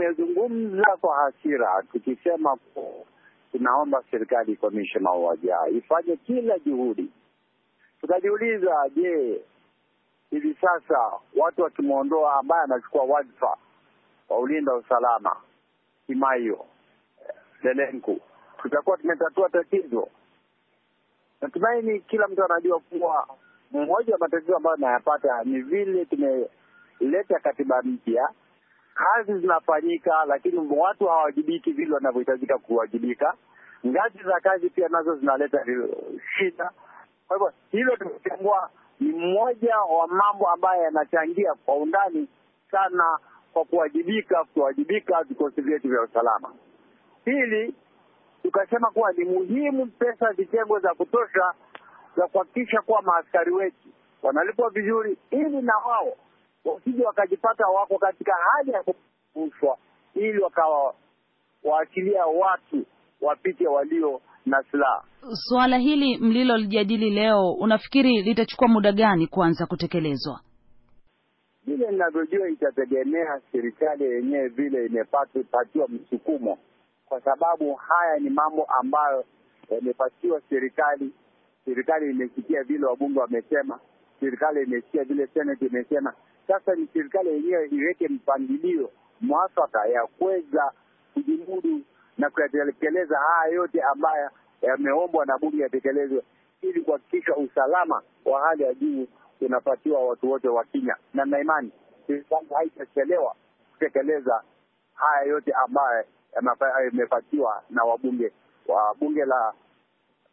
tumezungumza kwa hasira tukisema tunaomba serikali komishona mauaji ifanye kila juhudi. Tukajiuliza, je, hivi sasa watu wakimwondoa ambaye anachukua wadhifa wa ulinda usalama Kimaio eh, Lelenku, tutakuwa tumetatua tatizo? Natumaini kila mtu anajua kuwa mmoja wa matatizo ambayo anayapata ni vile tumeleta katiba mpya kazi zinafanyika, lakini watu hawawajibiki vile wanavyohitajika kuwajibika. Ngazi za kazi pia nazo zinaleta shida. Kwa hivyo hilo tumechambua, ni mmoja wa mambo ambayo yanachangia kwa undani sana kwa kuwajibika, kuwajibika vikosi vyetu vya usalama. Pili, tukasema kuwa ni muhimu pesa zitengwe za kutosha za kuhakikisha kuwa maaskari wetu wanalipwa vizuri, ili na wao wasije wakajipata wako katika hali ya kufushwa, ili wakawa watu wapite walio na silaha. Suala hili mlilolijadili leo, unafikiri litachukua muda gani kuanza kutekelezwa? Vile ninavyojua itategemea serikali yenyewe vile imepatiwa msukumo, kwa sababu haya ni mambo ambayo yamepatiwa serikali. Serikali imesikia vile wabunge wamesema, serikali imesikia vile seneti imesema. Sasa ni serikali yenyewe iweke mpangilio mwafaka ya kuweza kujimudu na kuyatekeleza haya yote ambayo yameombwa na bunge yatekelezwe, ili kuhakikisha usalama wa hali ya juu unapatiwa watu wote wa Kenya, na naimani serikali haitachelewa kutekeleza haya yote ambayo yamepatiwa na wabunge wa bunge la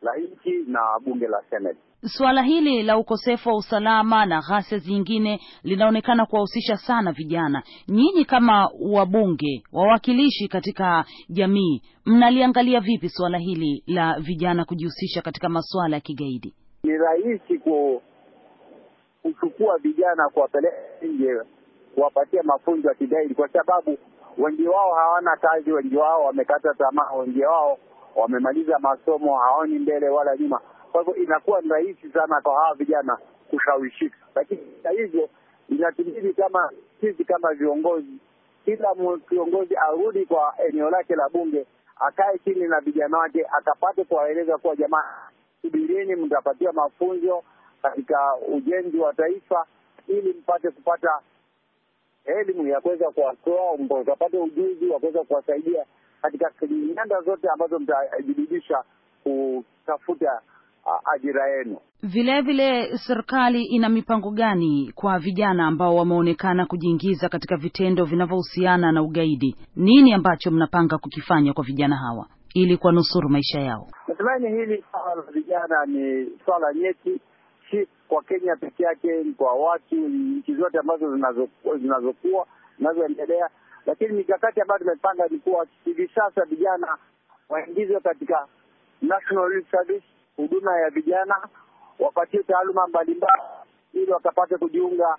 la nchi na bunge la senet Suala hili la ukosefu wa usalama na ghasia zingine linaonekana kuwahusisha sana vijana. Nyinyi kama wabunge, wawakilishi katika jamii, mnaliangalia vipi suala hili la vijana kujihusisha katika masuala ya kigaidi? Ni rahisi ku, kuchukua vijana kuwapeleka nje kuwapatia mafunzo ya kigaidi, kwa sababu wengi wao hawana kazi, wengi wao wamekata tamaa, wengi wao wamemaliza masomo, haoni mbele wala nyuma. Kwa hivyo inakuwa ni rahisi sana kwa hawa vijana kushawishika, lakini hata hivyo inatubidi kama sisi kama viongozi, kila kiongozi arudi kwa eneo lake la bunge, akae chini na vijana wake, akapate kuwaeleza kuwa jamaa subirini, mtapatiwa mafunzo katika ujenzi wa taifa ili mpate kupata elimu ya kuweza kuwatoa, mkapate ujuzi wa kuweza kuwasaidia katika nyanda zote ambazo mtajibidisha kutafuta ajira yenu. Vilevile, serikali ina mipango gani kwa vijana ambao wameonekana kujiingiza katika vitendo vinavyohusiana na ugaidi? Nini ambacho mnapanga kukifanya kwa vijana hawa ili kuwanusuru maisha yao? Natumaini hili swala la vijana ni swala nyeti, si kwa Kenya peke yake, kwa watu nchi zote ambazo zinazokuwa zinazoendelea lakini mikakati ambayo tumepanga ni kuwa hivi sasa vijana waingizwe katika National Youth Service, huduma ya vijana, wapatie taaluma mbalimbali ili wakapate kujiunga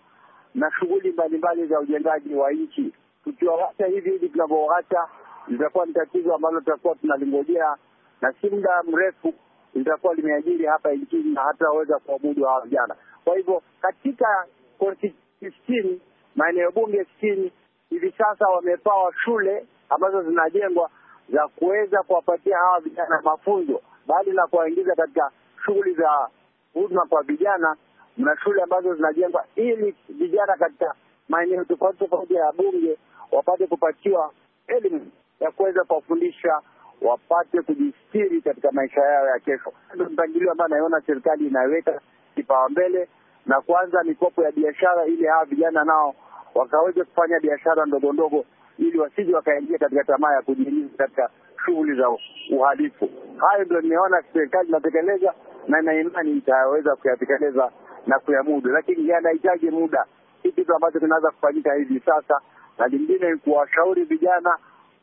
na shughuli mbalimbali za ujengaji wa nchi. Tukiwawacha hivi hivi tunavyowacha, litakuwa ni tatizo ambalo tutakuwa tunalingojea na si muda mrefu litakuwa limeajiri hapa nchini na hataweza kuabudu hawa vijana. Kwa hivyo katika konsti sitini, maeneo bunge sitini hivi sasa wamepawa shule ambazo zinajengwa za kuweza kuwapatia hawa vijana mafunzo, bali na kuwaingiza katika shughuli za huduma kwa vijana. Mna shule ambazo zinajengwa ili vijana katika maeneo tofauti tofauti ya Bunge wapate kupatiwa elimu ya kuweza kuwafundisha wapate kujistiri katika maisha yao ya kesho. Ndio mpangilio ambayo naiona serikali inaweka kipaumbele na kuanza mikopo ya biashara ili hawa vijana nao wakaweze kufanya biashara ndogo ndogo, ili wasije wakaingia katika tamaa ya kujiingiza katika shughuli za uhalifu. Hayo ndio nimeona serikali inatekeleza na ina imani itaweza kuyatekeleza na kuyamudu, lakini yanahitaji muda. Hii kitu ambacho kinaweza kufanyika hivi sasa, na lingine ni kuwashauri vijana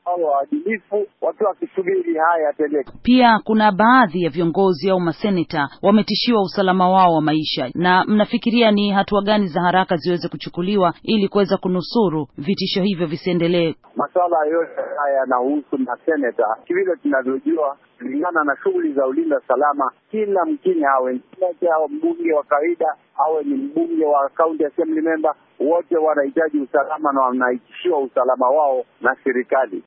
au waadilifu wakiwa wakisubiri haya yatendeke. Pia kuna baadhi ya viongozi au maseneta wametishiwa usalama wao wa maisha. Na mnafikiria ni hatua gani za haraka ziweze kuchukuliwa ili kuweza kunusuru vitisho hivyo visiendelee? Masuala yote haya yanahusu maseneta, kivile tunavyojua kulingana na shughuli za ulinda salama, kila mkini awe mseneta au mbunge wa kawaida, awe ni mbunge wa ya assembly member, wote wanahitaji usalama na wanatishiwa usalama wao na serikali.